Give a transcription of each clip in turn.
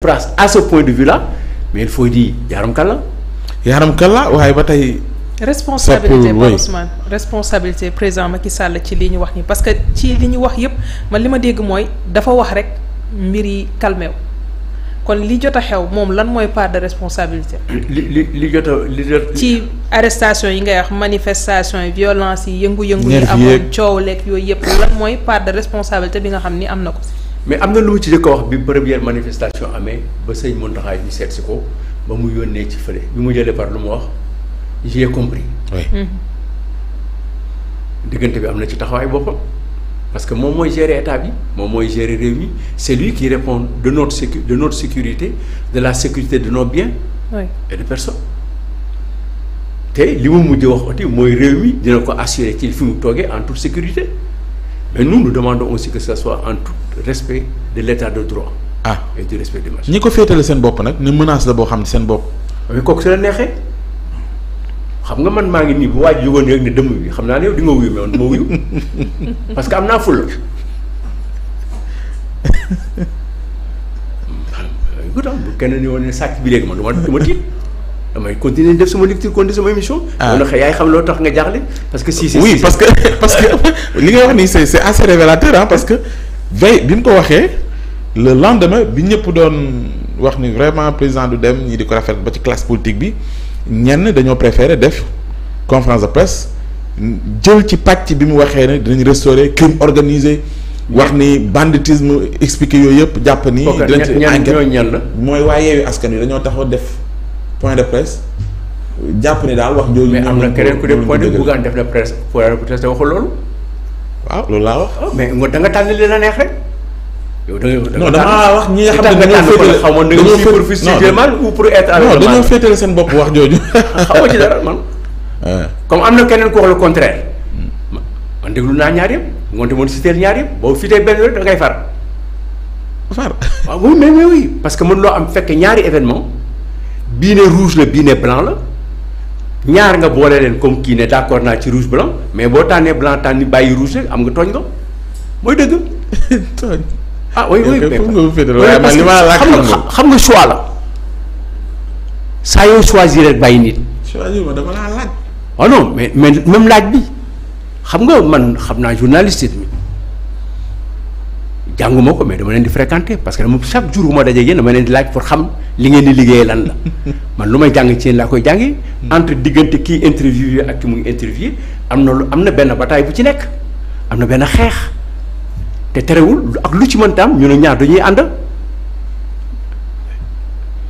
France à ce point de vue là mais il faut ba tey. responsabilité ba président Macky Sall ci li ñu wax nii parce que ci li ñu wax yépp ma li ma dégg mooy dafa wax rek mbir yi calmé kon li jot a xew moom lan mooy part de responsabilité. li li jot li ci arrestation yi ngay wax manifestation yi violence yi yëngu-yëngu. yi amoon coow lekk yooyu yépp lan mooy part de responsabilité bi nga xam ni am na ko. mais am na lu mu ci jëkk wax bi première manifestation amee ba sëñ Mountakha ñu seet si ko ba mu yónnee ci fële bi mu jëlee par lu mu wax j'ai compris. Mm-hmm. diggante bi am na ci taxawaay boppam. parce que moom mooy gérer état bi moom mooy gérer réew mi c'est lui qui répond de notre sécu de notre sécurité de la sécurité de nos biens. et de personnes. te li mu mujj wax oti mooy réew mi dina ko assurer ci fi mu toogee en toute sécurité. mais nous nous demandons aussi que ça soit en tout respect de l'état de droit. ah et ñi ko féetale seen bopp nag ne menace la boo xam ne seen bopp. mais kooku su la neexee xam nga man maa ngi nii bu waaj yëgoon rek ne dëmm bi xam naa ne yow di nga wuyu mais man ma wuyu parce que am naa fulla bu kenn ni woon ne sàcc bi léegi man du ma du ma tiit. damay continuer def sama lecture continuer sama émission. ah loolu yaay xam loo tax nga jaaxle. parce que si si oui parce que parce que li nga wax nii c'est c'est assez révélateur bi mu ko waxee le lendemain bi ñëpp doon wax ni vraiment président du dem ñi di ko rafet ba ci classe politique bi ñenn dañoo préféré def conférence de presse jël ci pàcc bi mu waxee ne dinañu restaurer crime organisé. wax ni banditisme expliqué yooyu yëpp jàpp ni. dinañ ci enquête mooy waaye yeewi askan wi dañoo taxaw def. point de presse jàpp ne daal wax jooju. mais am na keneen ku def point de buggaan def la presse pour te waxul loolu. waaw loolu laa wax. Oh, mais nga da nga tànn li la neex rek. yow da wax ñi nga xam ne dañoo féetale xaw ma ne aussi pour fiscalement ou pour être à non dañoo féetale seen bopp wax jooju. xamoo ci dara man. comme am na keneen ku wax le contraire. man déglu naa ñaar yëpp ngoonte moom si teel ñaar yëpp boo fitee benn rek da ngay far. far waaw oui mais oui parce que mën loo am fekk ñaari événement bii ne rouge la bii ne blanc la ñaar nga boole leen comme kii ne d'accord naa ci rouge blanc mais boo tànnee blanc tànni bàyyi rouge rek am nga tooñ nga mooy dëgg. tooñ ah oui oui mais xam nga xam nga choix la saa yoo choisir rek bàyyi nit. choisir ma dama laa laaj. ah non mais mais même laaj bi xam nga man xam naa journaliste bi. jànguma ko mais dama leen di fréquenter parce que dama chaque jour bu ma dajee yéen dama leen di laaj pour xam li ngeen di liggéeyee lan la man lu may jàng ci yéen laa koy jàngi entre diggante kii interviewé ak ki mu ngi interviewé am na lu am na benn bataille bu ci nekk am na benn xeex te terewul ak lu ci mënta am ñu ne ñaar dañuy ànd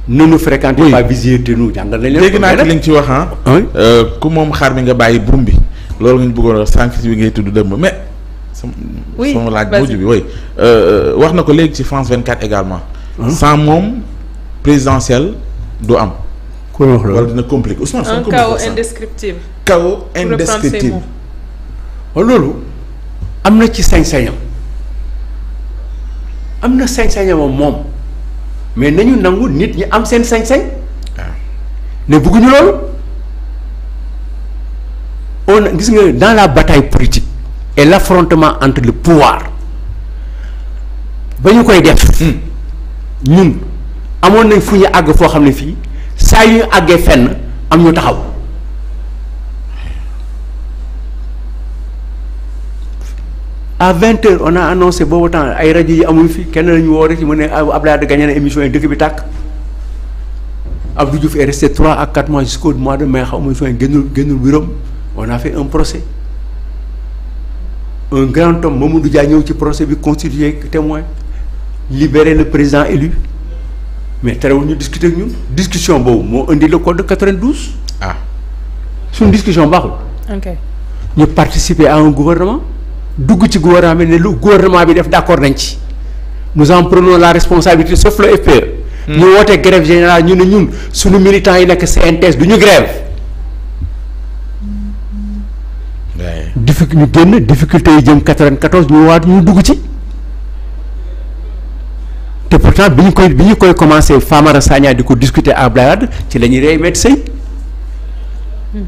ne nous fréquentons pas visiter nous jàngal nañ leen. dégg naa li ci wax ah. Euh, moom xaar mi nga bàyyi buum bi loolu nga ñu bëggoon wax sànq si bi ngay oui sama laaj mujj bi oui euh, wax na ko léegi ci France 24 également. sans moom présidentielle du am. ku wax loolu wala dina compliqué Ousmane Sonko. un chaos indescriptible. chaos indescriptible. waaw oh, loolu am na ci sañ-sañam am na sañ-sañamam moom mais nañu nangu nit ñi am seen sañ-sañ. waaw ah. ne bëgguñu loolu. on gis nga dans la bataille politique. et l'affrontement entre le pouvoir ba ñu koy def hmm. ñun amoon nañ fu ñu àgg foo xam ne fii saa yu ñu àggee fenn am ñu taxaw à vingt heures on a annoncé boobu temps ay rajo yi amuñu fi kenn lañu woo rek mu ne ah, Abdoulaye Wade gagné na émission yi dëkk bi tàkk Abdou Diouf est resté trois à quatre mois jusqu'au mois de mai xaw ma fi génnul génnul bureau on a fait un procès un grand homme Mamadou Dia ñëw ci procès bi constitué témoin libéré le président élu mais terewul ñu discuter ak ñun discussion boobu moo indi la code de 92. ah suñu discussion baaxul. ok ñu participer en gouvernement dugg ci gouvernement bi ne lu gouvernement bi def d' accord nañ ci nous en prenons la responsabilité sauf la FPE. Hmm. ñu woote grève général ñu ne ñun suñu militants yi nekk CNTS du ñu grève. diffi ñu génn difficulté yi jëm 94 ñu waat ñu dugg ci te pourtant bi ñu koy bi ñu koy commencé faamara Sagna di ko discuter à Abdoulaye Wade ci la ñuy rey Maître Sèye hmm.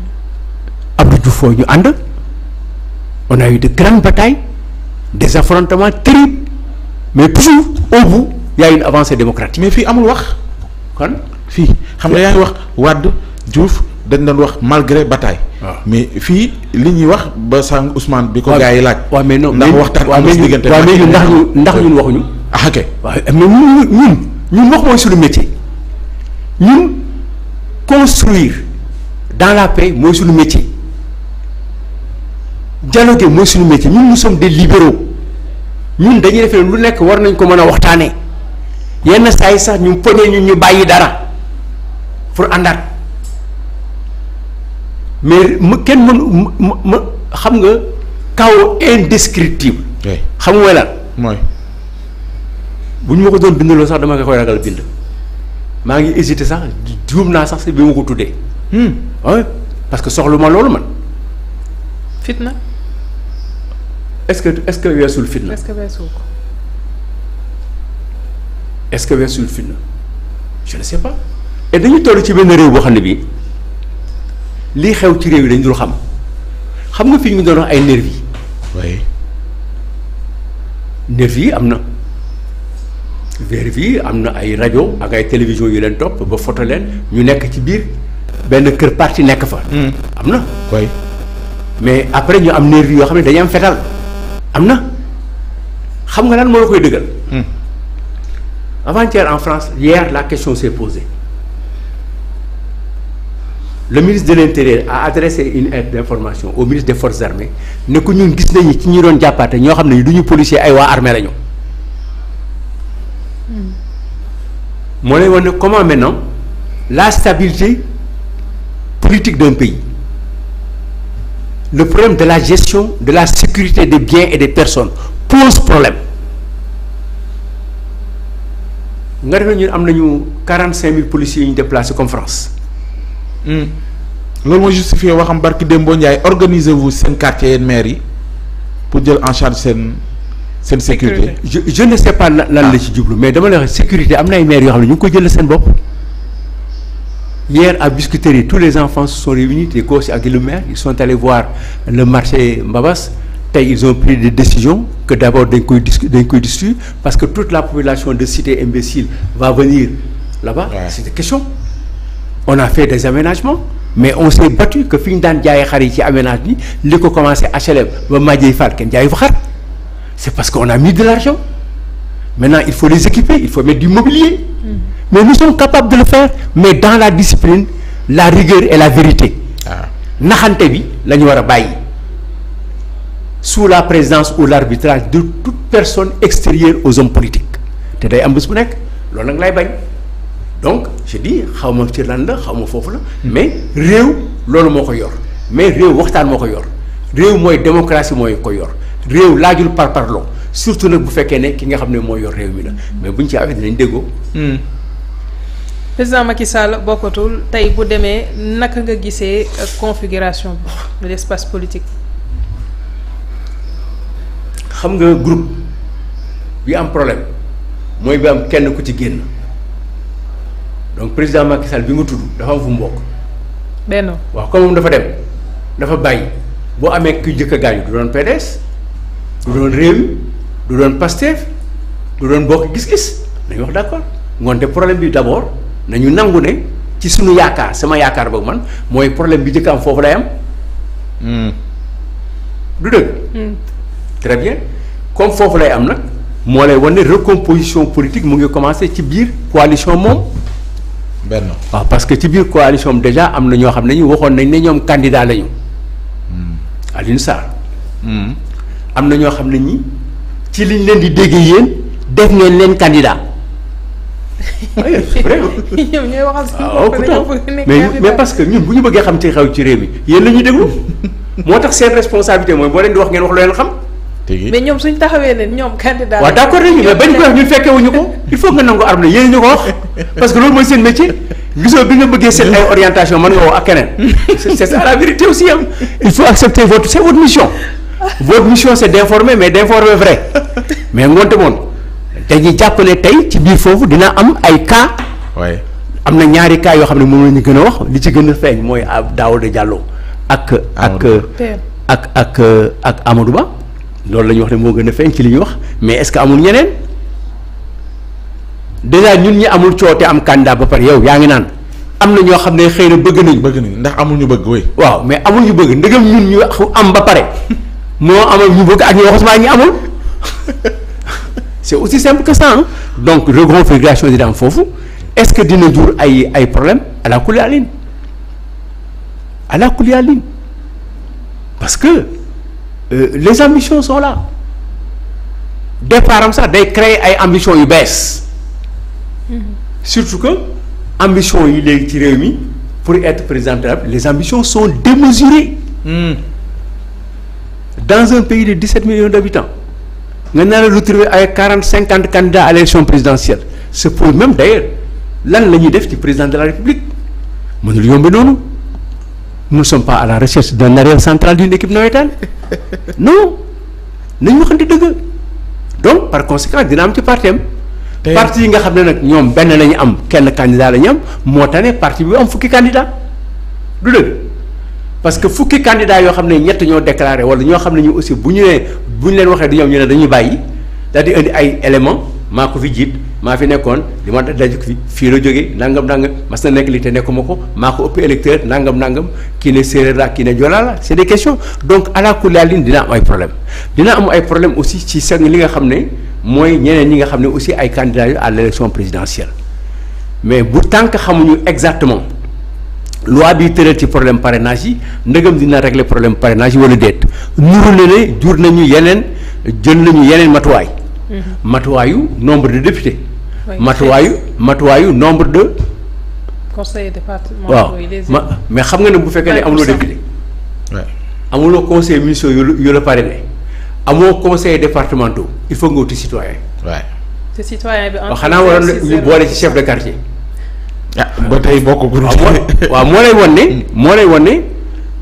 Abdou ñu ànd on a de grandes batailles des affrontements terribles mais toujours au bout y a une démocratique. mais fii amul wax kon fii xam nga yaa wax Wade Diouf dañ doon wax malgré bataay waaw ah. mais fii li ñuy wax ba sàng Ousmane bi ko gars yi laaj. waaw mais non ndax waxtaan am na si diggante ñun ndax ñun ndax ñun waxuñu. ah ok waaw mais ñun ñun wax mooy suñu métier ñun construire dans la paix mooy suñu métier dialoguer mooy suñu métier ñun nous sommes des ñun dañuy defee lu nekk war nañ ko mën a waxtaanee yenn saa yi sax ñu poñee ñu ñu bàyyi dara pour àndaat. mais ma kenn mënu ma xam nga chaos indescriptible. xam nga la mooy bu ñu ma ko doon bindaloo sax dama nga koy ragal bind. maa ngi hésité sax juum naa sax si bi mu ko tuddee. Hmm. Ah oui parce que soxlu ma loolu man. fitna. est-ce que est-ce que weesul fitna. est-ce que est-ce que weesul fitna je ne sais pas. et toll ci benn réew boo xam ne bii. lii xew ci réew yi dañ dul xam xam nga fii ñu doon wax ay nervi yi. oui nervi am na nervi am na ay rajo ak ay télévision yu leen topp ba foto leen ñu nekk ci biir benn kër parti nekk fa. Hmm. am na. oui mais après ñu am nervi yoo xam ne dañuy am fetal am na xam nga lan moo la koy dëggal. Hmm. avant en France hier la question s'est posée. le ministre de l'intérieur a adressé une aide d'information au ministre de forces armées ne ko ñun gis nañu ci ñu doon jàppaate ñoo xam ne du ñu policier ay waa armée lañu. Hmm. moo lay wax ne comment maintenant la stabilité politique d'un pays le problème de la gestion de la sécurité des biens et des personnes pose problème nga def ñun am nañu quarante cinq mille policiers yu ñu déplacé comme Hmm. loolu mooy justifié waxam barki Dembo Ndiaye organisez vous seen quartier yeen maire yi pour jël en charge seen seen sécurité je je ne sais pas lan la ah. ci jublu mais dama lay wax sécurité am na ay maire yoo xam ne ñu ngi ko jël seen bopp hier à Biscuiterie tous les enfants se sont réunis des gosses ak le maire ils sont allés voir le marché Mbabas tey ils ont pris des décisions que d'abord dañ koy dis parce que toute la population de cité imbécile va venir là-bas ouais. on a fait des aménagements mais on s'est battu que fi ñu daan jaay xar yi ci aménage bi li ko commencé HLM ba Madiaye Fall kenn jaayu fa xar c'est parce qu'on a mis de l'argent maintenant il faut les équiper il faut mettre du mobilier mmh. mais nous sommes capables de le faire mais dans la discipline la rigueur et la vérité ah. naxante bi lañu war a bàyyi sous la présence ou l'arbitrage de toute personne extérieure aux hommes politiques te day am bés bu nekk loolu nag lay bañ donc je dis xaw ma ci lan la xaw ma foofu la hmm. mais réew loolu moo ko yor mais réew waxtaan moo ko yor réew mooy démocratie mooy ko yor réew laajul par parloo surtout nag bu fekkee ne ki nga xam ne mooy yor réew mi la mais buñ ci awee dinañ déggoo. Hmm. président Macky Sall bokkatul tey bu demee naka nga gisee euh, configuration de l'espace politique. xam nga groupe bi am problème mooy bi am kenn ku ci génn. donc président Macky bi nga tudd dafa am fu mu bokk. benn waaw comme moom dafa dem dafa bàyyi boo amee ku jëkk a gaañu du doon PDS du doon Rewmi du doon Pastef du doon bokk gis-gis nañu wax d' accord ngoonte problème bi d' abord nañu nangu ne ci suñu yaakaar sama yaakaar boobu man mooy problème bi jëkk am foofu lay am. Hmm. du dëgg. Hmm. très bien comme foofu lay am nag moo lay wan ne recomposition politique mu ngi commencé ci biir coalition moom. waaw parce que ci biir coalition am déjà am na ñoo xam ne ñu waxoon nañ ne ñoom candidat lañu. Hmm. Alioune Sarr. Hmm. am na ñoo xam ne ñi ci liñ leen di déggee yéen def ngeen leen candidat. ñoom ñooy waxal suñu ah, oh, mais mais ñun bu ñu bëggee xam ci xew ci réew mi yéen la ñuy déglu moo tax seen responsabilité mooy boo leen di wax ngeen wax loo leen xam. léegi mais ñoom suñ taxawee neen ñoom candidat waaw d' accord nañu mais bañ ko wax ñun fekkewuñu ko il faut nga nangu am na yéen ñu ko wax parce que loolu mooy seen métier gisoo bi nga bëggee seen ay orientation mën nga woo ak keneen c' est ça la vérité aussi am il faut accepter votre c' est votre mission votre mission c' est mais d' informer vrai mais ngoonte moom dañuy jàpp ne tey ci biir foofu dina am ay cas am na ñaari kaa yoo xam ne moom la ñu gën a wax li ci gën a feeñ mooy Daouda Diallo ak ak ak ak ak Amadou Ba loolu la ñuy wax ne moo gën a feeñ ci li ñuy wax mais est-ce que amul ñeneen déjà ñun ñi amul coote am candidat ba pare yow yaa ngi naan am na ñoo xam ne xëy na bëgg nañ. ndax amul ñu bëgg oui. waaw mais amul ñu bëgg ndegam ñun ñu am ba pare moo amal ñu bëgg ak ñoo xas maa ñi amul c'est aussi simple que ça donc reconfiguration di daan foofu est-ce que dina jur ay ay problème ala kulli alin ala Euh, les ambitions sont là départ am sax day créer ay ambitions yu bees surtout que ambition yi léegi ci réew mi pour être président de la République les ambitions sont démesurées mmh. dans un pays de 17 millions d'habitants nga nar a retrouver ay 40 50 candidats à l'élection présidentielle se pour même d'ailleurs lan la ñuy def ci président de la République mënul yombe noonu nous ne sommes pas à la recherche d'un arrière central d'une équipe navétane nañ nañu di dëgg donc par conséquent dina am ci parti am parti yi nga xam ne nag ñoom benn la ñu am kenn kandidaa la am moo tane parti bi am fukki candidat du dëgg parce que fukki candidat yoo xam ne ñett ñoo déclaré wala ñoo xam ne ñu aussi bu ñu nee bu ñu leen waxee du ñoom ñu ne dañuy bàyyi daal di indi ay éléments maa ko fi jiit maa fi nekkoon li ma daj fi fii la jógee nangam nangam mas na nekk li te nekkuma ko maa ko ëpp électeur nangam nangam kii ne séeréer la kii ne joolaa la c'est des questions donc ala kulli dina am ay problème dina am ay problème aussi ci seen li nga xam ne mooy ñeneen ñi nga xam ne aussi ay candidats yu à l'élection présidentielle mais bu tànk xamuñu exactement loi bi tëral ci problème parrainage yi ndëgam dina régler problème parrainage yi wala déet nuru na ne jur nañu yeneen jël nañu yeneen matuwaay mm-hmm. nombre de députés matuwaayu matuwaayu nombre de. conseillers départementaux waaw ma mais xam nga ne bu fekkee ne amuloo député. amuloo conseil municipal yu la yu la amoo conseil départementaux il faut nga wuti citoyen. waay xanaa waroon ñu boole ci chef de quartier. ah ba tey bokkul. waaw moo lay wan ne. moo lay wan ne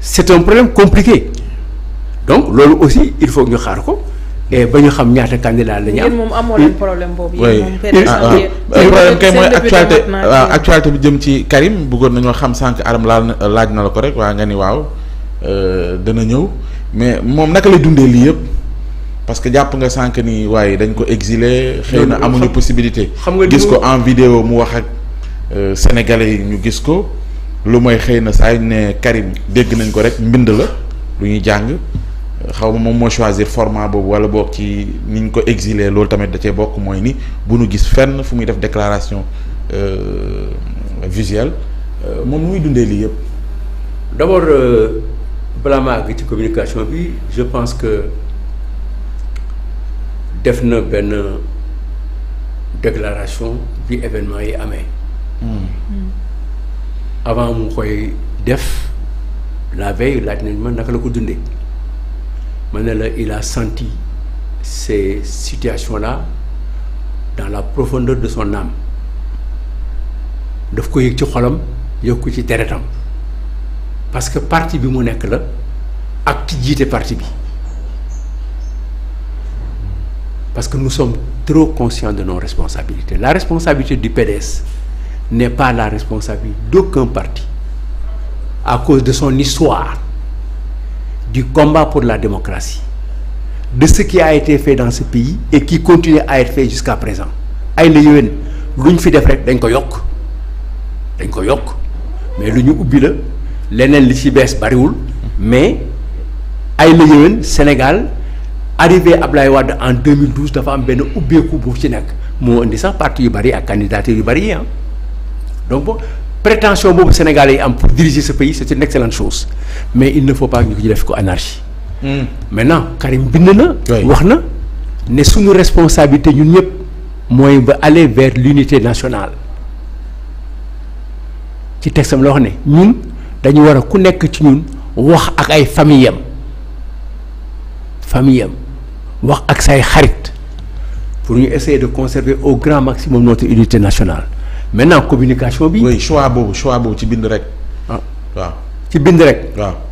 c'est un problème compliqué donc loolu aussi il faut ñu xaar ko. ba ñu xam ñaata candidat la ñu am. moom amoo leen problème boobu. Ah, ah. problème kay mooy actualité waaw actualité bi jëm ci Karim buggoon nañoo xam sànq aram laal laaj na la ko rek waa nga ni waaw euh, dana ñëw mais moom naka la dundee lii yëpp parce que jàpp nga sànq ni waaye dañ ko exilé. xëy na amuñu possibilité. xam gis ko en vidéo mu wax ak euh, sénégalais yi ñu gis ko lu mooy xëy na saa yu ne Karim dégg nañ ko rek mbind la lu ñuy jàng. xaw ma moom moo choisir format boobu wala boog ci ni ñu ko exilee loolu tamit da cee bokk mooy ni bu nu gis fenn fu muy def déclaration euh, visuelle euh, moom muy dundee lii yëpp. d'abord euh, balaa ma ci communication bi je pense que def na benn déclaration bi événement yi amee. Hmm. Hmm. avant mu koy def la veille laaj nañ ma naka la ko dundee. ma na la il a senti ces situation la dans la profondeur de son âme daf ko yëg ci xolam yëg ci deretam parce que parti bi mu nekk la ak ki jiite parti bi parce que nous sommes trop conscients de nos responsabilité la responsabilité du PDS n'est pas la responsabilité d'aucun partie à cause de son histoire du combat pour la démocratie, de ce qui a été fait dans ce pays et qui continue à être fait jusqu'à présent. ay la yéwén lu ñu fi def rek dañ ko yokk dañ ko yokk mais lu ñu ubbi la leneen li ci bees bariwul mais ay la yéwén Sénégal arrivé Ablaye Wade en 2012 dafa am benn ubbeeku bu ci nekk moo indi sax parti yu bari ak candidature yu bari yi ah donc bon prétention boobu sénégal yi am pour diriger ce pays c'est une excellente chose mais il ne faut pas ñu ko def ko anarchie. Hmm. maintenant Karim bind na. wax na ne suñu responsabilité ñun ñëpp mooy ba aller vers l'unité nationale ci textam la wax ne ñun dañu war a ku nekk ci ñun wax ak ay famille am famille wax ak say xarit pour ñu essayer de conserver au grand maximum notre unité nationale. maintenant communication bi. oui choix boobu choix boobu ci bind rek. Ah. waaw ci bind rek. waaw.